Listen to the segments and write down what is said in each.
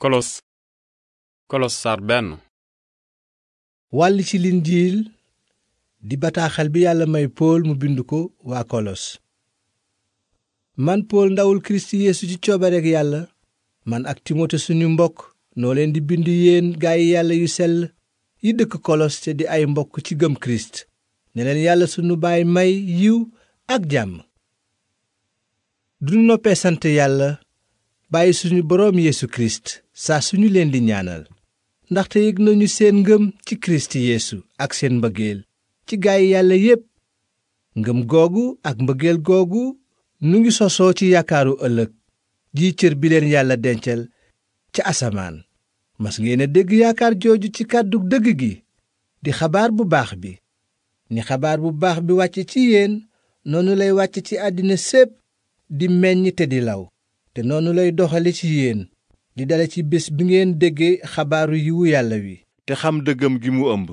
kolos kolos sar benn wàll ci linjiil di bataaxal bi yàlla may pool mu bind ko waa kolos man pool ndawul kirist yeesu ci coobareek yàlla man ak timote suñu mbokk noo leen di bind yéen gaay yàlla yu sell yi dëkk kolos te di ay mbokk ci gëm kirist ne leen yàlla suñu baay may yiw ak jàmm du noppee sant yàlla bàyyi suñu boroom yeesu kirist saa ñu leen di ñaanal ndaxte yëg nañu seen ngëm ci kirist yeesu ak seen mbëggeel ci gaay yàlla yépp ngëm googu ak mbëggeel googu nu ngi sosoo ci yaakaaru ëllëg ji cër bi leen yàlla dencal ca asamaan mas ngeen dégg yaakaar jooju ci kàddu dëgg gi di xabaar bu baax bi ni xabaar bu baax bi wàcc ci yéen noonu lay wàcc ci àddina sépp di meññ te di law te noonu lay doxale ci yéen di dale ci bés bi ngeen déggee xabaaru yiwu yàlla wi te xam dëggam gi mu ëmb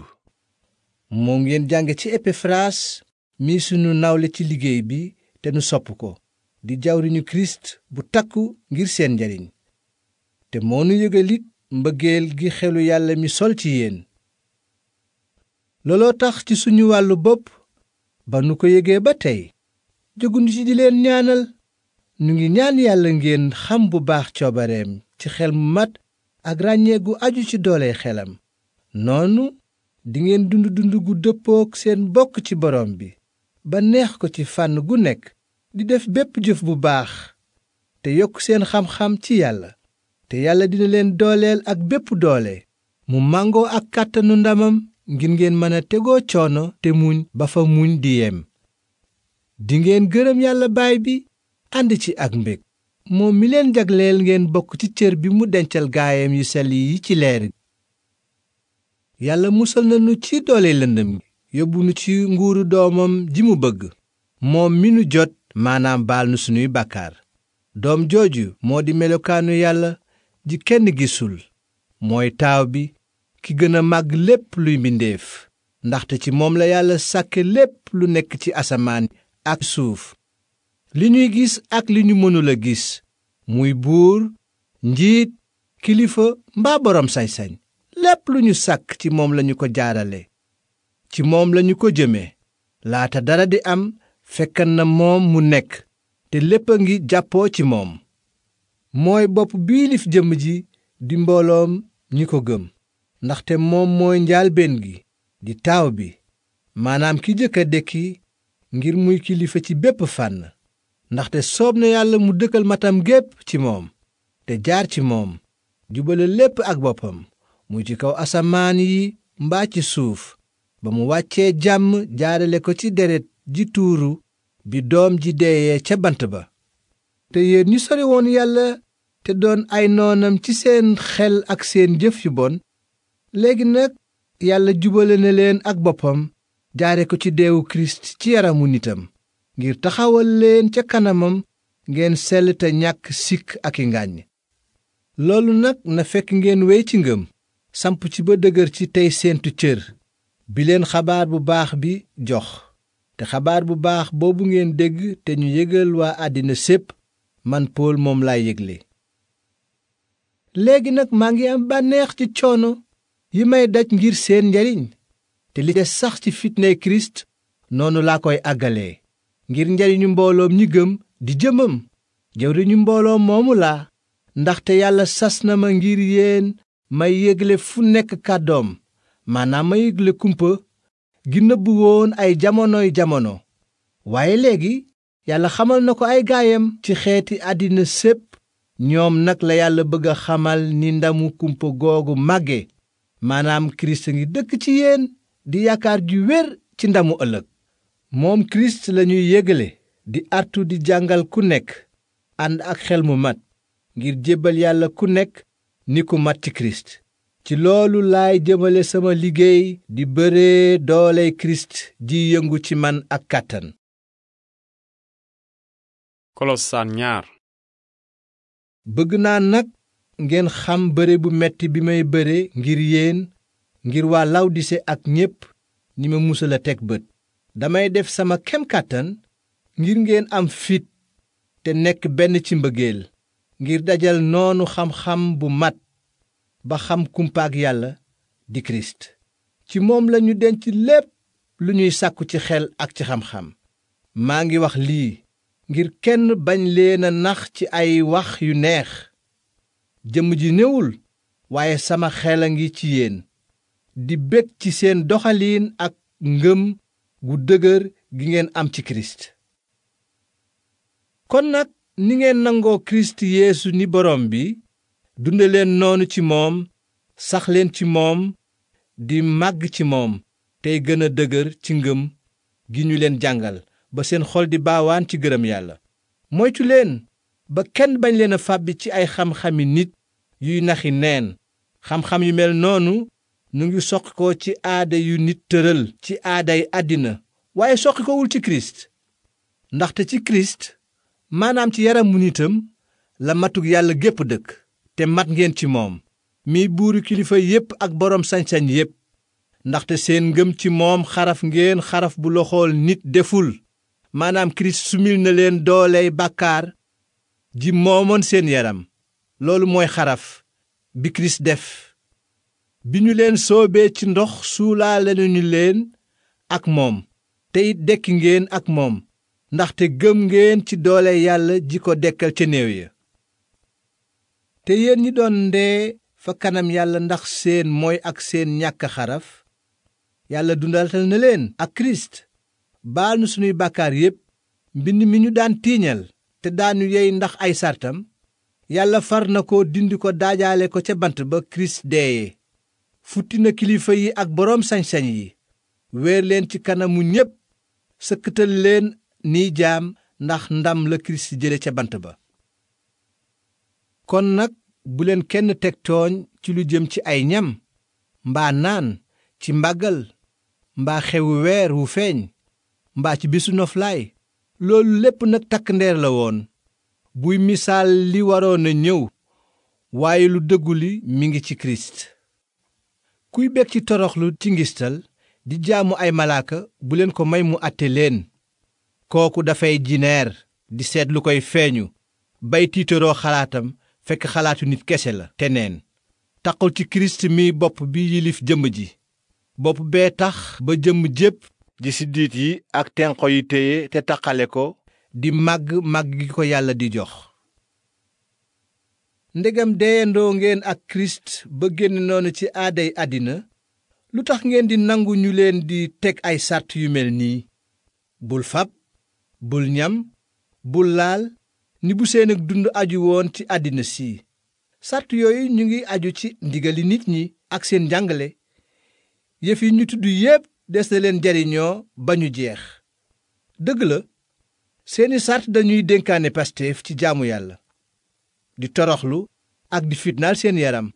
moo ngeen jàng ci epafaraas mi sunu nawle ci liggéey bi te nu sopp ko di jawriñu kirist bu takku ngir seen njariñ te moo nu yëgalit mbëggeel gi xelu yàlla mi sol ci yéen looloo tax ci suñu wàllu bopp ba nu ko yëgee ba tey jógunu ci di leen ñaanal nu ngi ñaan yàlla ngeen xam bu baax coobareem ci xel mu mat ak ràññee gu aju ci doole xelam noonu dingeen dund dund gu dëppook seen bokk ci borom bi ba neex ko ci fànn gu nekk di def bépp jëf bu baax te yokk seen xam-xam ci yàlla te yàlla dina leen dooleel ak bépp doole mu màngoo ak kàttanu ndamam ngir ngeen mën a tegoo coono te muñ ba fa muñ di yem dingeen gërëm yàlla baay bi ànd ci ak mbég moom mi leen jagleel ngeen bokk ci cër bi mu dencal gaayam yu sel yi ci leer gi yàlla musal nañu ci doole lëndëm gi yóbbu nu ci nguuru doomam ji mu bëgg moom mi nu jot maanaam baal nu sunuy bàkkaar doom jooju moo di melokaanu yàlla ji kenn gisul mooy taaw bi ki gën a màgg lépp luy mbindeef ndaxte ci moom la yàlla sàkke lépp lu nekk ci asamaan ak suuf li ñuy gis ak li ñu mënul a gis muy buur njiit kilifa mbaa borom sañ lépp lu ñu sàkk ci moom lañu ko jaarale ci moom lañu ko jëme laata dara di am fekkan na moom mu nekk te lépp a ngi jàppoo ci moom mooy bopp biilif jëmm ji di mbooloom ñi ko gëm ndaxte moom mooy njaalbeen gi di taaw bi maanaam ki jëkk a dekki ngir muy kilifa ci bépp fànn ndaxte soob na yàlla mu dëkkal matam gépp ci moom te jaar ci moom jubale lépp ak boppam mu ci kaw asamaan yi mbaa ci suuf ba mu wàccee jàmm jaarale ko ci deret ji tuuru bi doom ji deeyee ca bant ba te yéen ñu sore woon yàlla te doon ay noonam ci seen xel ak seen jëf yu bon léegi nag yàlla jubale na leen ak boppam jaare ko ci deewu kirist ci yaramu nitam ngir taxawal leen ca kanamam ngeen sell te ñàkk sikk ak i ngàññ loolu nag na fekk ngeen wéy ci ngëm samp ci ba dëgër ci tey seentu cër bi leen xabaar bu baax bi jox te xabaar bu baax boobu ngeen dégg te ñu yëgal waa àddina sépp man Pool moom lay yégle léegi nag maa ngi am bànneex ci coono yi may daj ngir seen njariñ te li des sax ci fitnay Kirist noonu laa koy àggalee ngir njariñu mbooloom ñi gëm di jëmam jawriñu mbooloo moomu laa ndaxte yàlla sas na ma ngir yéen may yégle fu nekk kàddoom maanaam ma yégle kumpa gi nëbbu woon ay jamonoy jamono waaye léegi yàlla xamal na ko ay gaayam ci xeeti àddina sépp ñoom nag la yàlla bëgg a xamal ni ndamu kumpa googu màgge maanaam kirist ngi dëkk ci yéen di yaakaar ju wér ci ndamu ëllëg moom kirist lañuy yëgale di artu di jàngal ku nekk ànd ak xel mu mat ngir jébbal yàlla ku nekk ni ku mat ci kirist ci loolu laay jëmale sama liggéey di bëree doole kirist ji yëngu ci man ak kàttan kolosaan ñaar bëgg naa nag ngeen xam bu metti bi may bëre ngir yéen ngir waa lawdise ak ñépp ni ma a teg bët damay def sama kem kàttan ngir ngeen am fit te nekk benn ci mbëggeel ngir dajal noonu xam-xam bu mat ba xam kumpaag yàlla di kirist ci moom lañu denc lépp lu ñuy sàkku ci xel ak ci xam-xam maa ngi wax lii ngir kenn bañ leen a nax ci ay wax yu neex jëmm ji néwul waaye sama xel a ngi ci yéen di bég ci seen doxaliin ak ngëm gu dëgër gi am ci kon nag ni ngeen nangoo kirist yéesu ni borom bi dunde leen noonu ci moom sax leen ci moom di màgg ci moom tey gën a dëgër ci ngëm gi ñu leen jàngal ba seen xol di baawaan ci gërëm yàlla moytu leen ba kenn bañ leen a fàbbi ci ay xam yi nit yuy naxi neen xam-xam yu mel noonu nu ngi soqi ko ci aada yu nit tëral ci aaday àddina waaye soqi kowul ci kirist ndaxte ci kirist maanaam ci yaram yaramu nitam la matug yàlla gépp dëkk te mat ngeen ci moom mi buuru kilifa yépp ak boroom sañ-sañ yépp ndaxte seen ngëm ci moom xaraf ngeen xaraf bu loxool nit deful maanaam kirist sumil na leen dooley bàkkaar ji moomoon seen yaram loolu mooy xaraf bi kirist def bi ñu leen soobee ci ndox suulaale nañu leen ak moom tey it dekki ngeen ak moom ndaxte gëm ngeen ci doole yàlla ji ko dekkal ca néew ya te yéen ñi doon ndee fa kanam yàlla ndax seen mooy ak seen ñàkk xaraf yàlla dundaltal na leen ak kirist baal nu sunuy bàkkaar yépp mbind mi ñu daan tiiñal te daanu yey ndax ay sartam yàlla far na ko dindi ko daajaale ko ca bant ba kirist deeye futti na kilifa yi ak boroom sañ yi weer ci kanamu ñépp sëkkatal leen ni jaam ndax ndam la kirist jële ca bant ba kon nag buleen kenn teg tooñ ci lu jëm ci ay ñam mbaa naan ci mbagal mbaa xewu weer wu feeñ mbaa ci bisu noflaay loolu lépp nag takk ndeer la woon buy misaal li waroon a ñëw waaye lu dëggu li mi ngi ci kirist kuy bég ci toroxlu ci ngistal di jaamu ay malaaka bu leen ko may mu àtte leen kooku dafay jineer di seet lu koy feeñu bay tiitaroo xalaatam fekk xalaatu nit kese la te neen taqul ci kirist mi bopp bi yilif jëmm ji bopp bee tax ba jëmm jépp ji siddiit yi ak tenqo yi téye te taqale ko di màgg màgg gi ko yàlla di jox ndegam deyandoo ngeen ak kirist ba génn noonu ci aaday àddina lu tax ngeen di nangu ñu leen di teg ay sart yu mel nii bul fab bul ñam bul laal ni bu seen ak dund aju woon ci àddina si sart yooyu ñu ngi aju ci ndigali nit ñi ak seen njàngale yëf yi ñu tudd yépp des na leen jariñoo ba ñu jeex dëgg la seeni sart dañuy dénkaane pasteef ci jaamu yàlla di toroxlu ak di seen yaram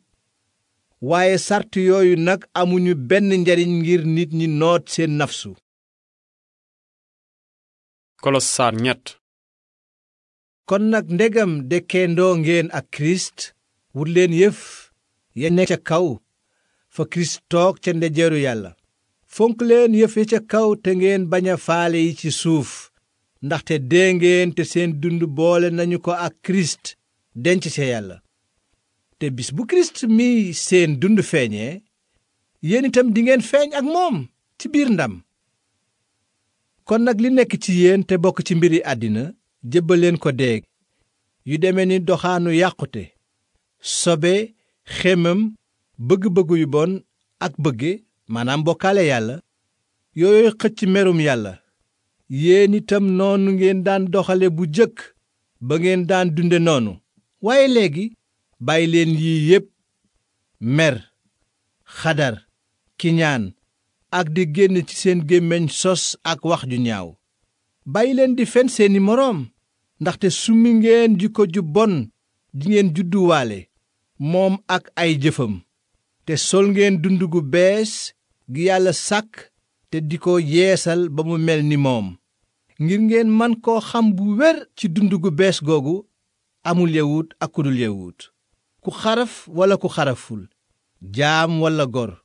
waaye sart yooyu nag amuñu benn njariñ ngir nit ñi noot seen nafsu kolossaar ñett kon nag ndegam dekkeendoo ngeen ak kirist wut leen yëf ya nekk ca kaw fa kirist toog ca ndejeeru yàlla fonk leen yëf ya ca kaw te ngeen baña a faale yi ci suuf ndaxte dee ngeen te seen dund boole nañu ko ak kirist denc see yàlla te bis bu kirist mi seen dund feeñee yéen itam dingeen feeñ ak moom ci biir ndam kon nag li nekk ci yéen te bokk ci mbiri àddina jébbaleen ko deeg yu deme ni doxaanu yàqute sobe xemam bëgg-bëgg yu bon ak bëgge maanaam bokkaale yàlla yooyu xëcc merum yàlla yéen itam noonu ngeen daan doxale bu jëkk ba ngeen daan dunde noonu waaye léegi bàyyi leen yii yépp mer xadar kiñaan ak di génn ci seen gémmiñ sos ak wax ju ñaaw bàyyi leen di fen seeni moroom ndaxte summi ngeen jikko ju bon ji ngeen judduwaale moom ak ay jëfam te sol ngeen dund gu bees gi yàlla sàkk te di ko yeesal ba mu mel ni moom ngir ngeen man koo xam bu wér ci dund gu bees googu amul yawut ak ku dul yawut ku xaraf walla ku xaraful jaam walla gor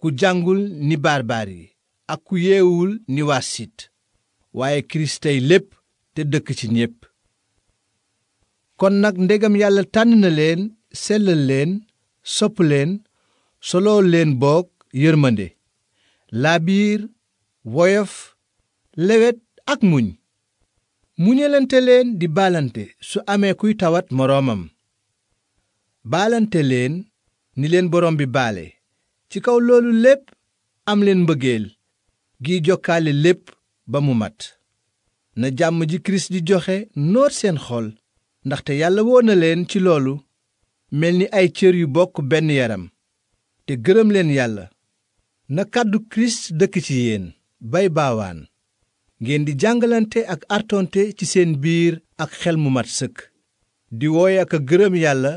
ku jàngul ni barbaar yi ak ku yeewul ni warsit waaye kiristey lépp te dëkk ci ñépp kon nag ndegam yàlla tànn na leen sellal leen sopp leen soloo leen boog yërmande laabiir woyof lewet ak muñ mu muñalante leen di balante su amee kuy tawat moroomam balante leen ni leen borom bi baale ci kaw loolu lépp am leen mbëggeel giy jokkaale lépp ba mu mat na jàmm ji kirist di joxe noor seen xol ndaxte yàlla woo na leen ci loolu mel ni ay cër yu bokk benn yaram te gërëm leen yàlla na kàddu kirist dëkk ci yéen bay baawaan ngeen di jàngalante ak artonte ci seen biir ak xel mu mat sëkk di wooy ak a gërëm yàlla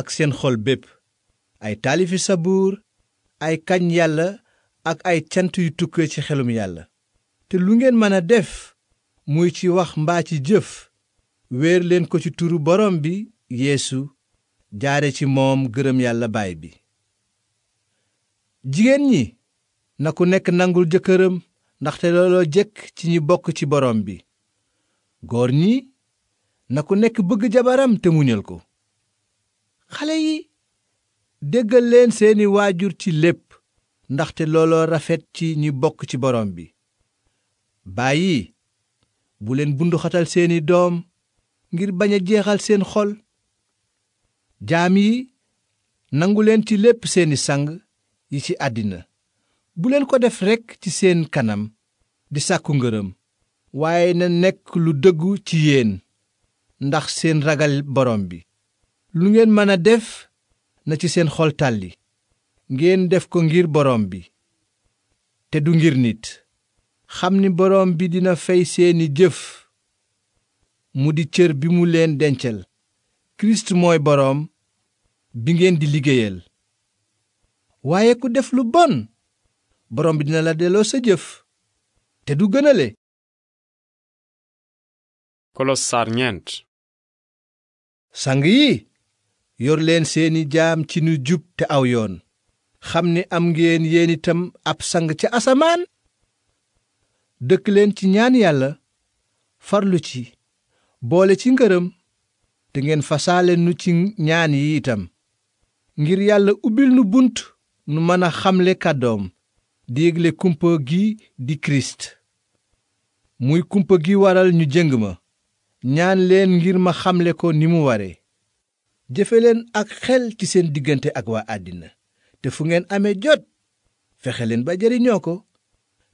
ak seen xol bépp ay taalifi sabuur ay kañ yàlla ak ay cant yu tukk ci xelum yàlla te lu ngeen mën a def muy ci wax mbaa ci jëf wéer leen ko ci turu borom bi yéesu jaare ci moom gërëm yàlla baay bi jigéen ku nekk nangul jëkkëram ndaxte looloo jëkk ci ñi bokk ci borom bi góor ñi na ku nekk bëgg jabaram te muñal ko xale yi déggal leen seeni waajur ci lépp ndaxte looloo rafet ci ñi bokk ci borom bi baay yi bu leen bunduxatal seeni doom ngir bañ a jeexal seen xol jaam yi nangu leen ci lépp seeni sang yi ci àddina buleen ko def rekk ci seen kanam di sàkku ngërëm waaye na nekk lu dëggu ci yéen ndax seen ragal borom bi lu ngeen mën a def na ci seen xol tàlli ngeen def ko ngir borom bi te du ngir nit xam ni borom bi dina fay seeni jëf mu di cër bi mu leen dencal kirist mooy boroom bi ngeen di liggéeyal waaye ku def lu bon borom bi dina la delloo sa jëf te du gënale kolos saar sang yi yor leen seeni jaam ci nu jub te aw yoon xam ni am ngeen yéen itam ab sang ca asamaan dëkk leen ci ñaan yàlla farlu ci boole ci ngëram te ngeen fasaale nu ci ñaan yi itam ngir yàlla ubbil nu bunt nu mën a xamle kàddoom di yégle kumpa gi di kirist muy kumpa gi waral ñu jëng ma ñaan leen ngir ma xamle ko ni mu ware jëfe leen ak xel ci seen diggante ak waa àddina te fu ngeen amee jot fexe leen ba jariñoo ko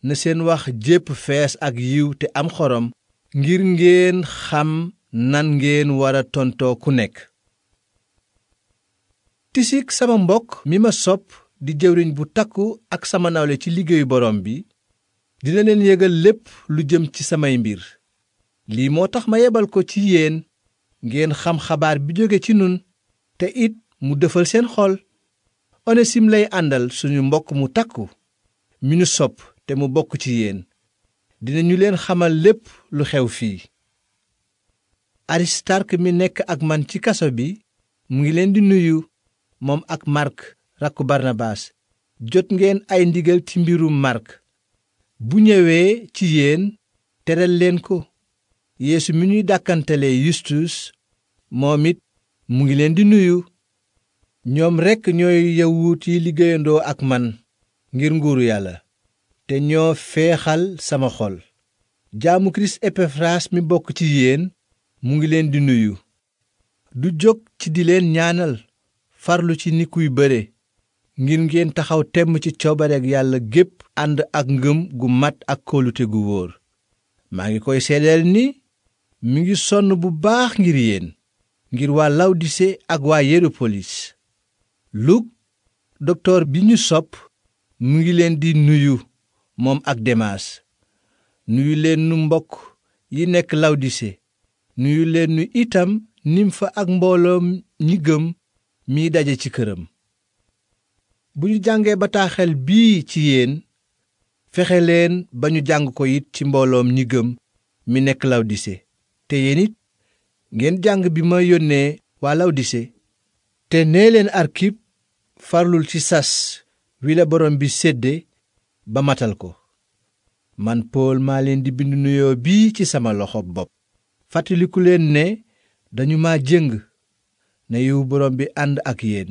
na seen wax jépp fees ak yiw te am xorom ngir ngeen xam nan ngeen wara tontoo ku nekk tisik sama mbokk mi ma sopp di jëwriñ bu takku ak sama nawle ci liggéeyu borom bi dina leen yégal lépp lu jëm ci samay mbir lii moo tax ma yebal ko ci yéen ngeen xam xabaar bi jóge ci nun te it mu dëfal seen xol onesim lay àndal suñu mbokk mu takku mi nu sopp te mu bokk ci yéen dinañu leen xamal lépp lu xew fii aristark mi nekk ak man ci kaso bi mu ngi leen di nuyu moom ak mark rakku barnabaas jot ngeen ay ndigal ci mbirum màrk bu ñëwee ci yéen teral leen ko yéesu mi ñuy dàkkantale yustus moom it mu ngi leen di nuyu ñoom rekk ñooy yawuut yi liggéeyandoo ak man ngir nguuru yàlla te ñoo feexal sama xol jaamu kirist epafras mi bokk ci yéen mu ngi leen di nuyu du jóg ci di leen ñaanal farlu ci ni kuy bëre ngir ngeen taxaw temm ci coobareek yàlla gépp ànd ak ngëm gu mat ak kóolute gu wóor maa ngi koy seedeel ni mi ngi sonn bu baax ngir yéen ngir waa lawdise ak waa yerapolis luk doktoor bi ñu sopp mu ngi leen di nuyu moom ak demaas nuyu leen nu mbokk yi nekk lawdise nuyu leen nu itam nim fa ak mbooloo ñi gëm miy daje ci këram bu ñu jàngee bataaxel bii ci yéen fexe leen ba ñu jàng ko it ci mbooloom ñi gëm mi nekk lawdise te yéen ngeen jàng bi ma yónnee waa lawdise te nee leen arkip farlul ci sas wi la borom bi sédde ba matal ko man pool maa leen di bind nuyoo bii ci sama loxo bopp fàttaliku leen ne dañu maa jëng ne yiwu borom bi ànd ak yéen